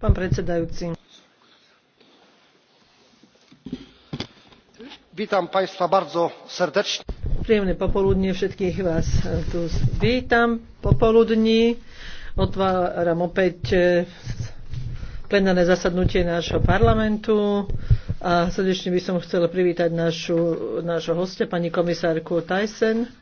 Pán predsedajúci. Witam państwa bardzo serdecznie. Príjemné popoludnie všetkých vás tu vítam. Popoludní otváram opäť eh, plenárne zasadnutie nášho parlamentu a srdečne by som chcela privítať našu, nášho hostia, pani komisárku Tyson.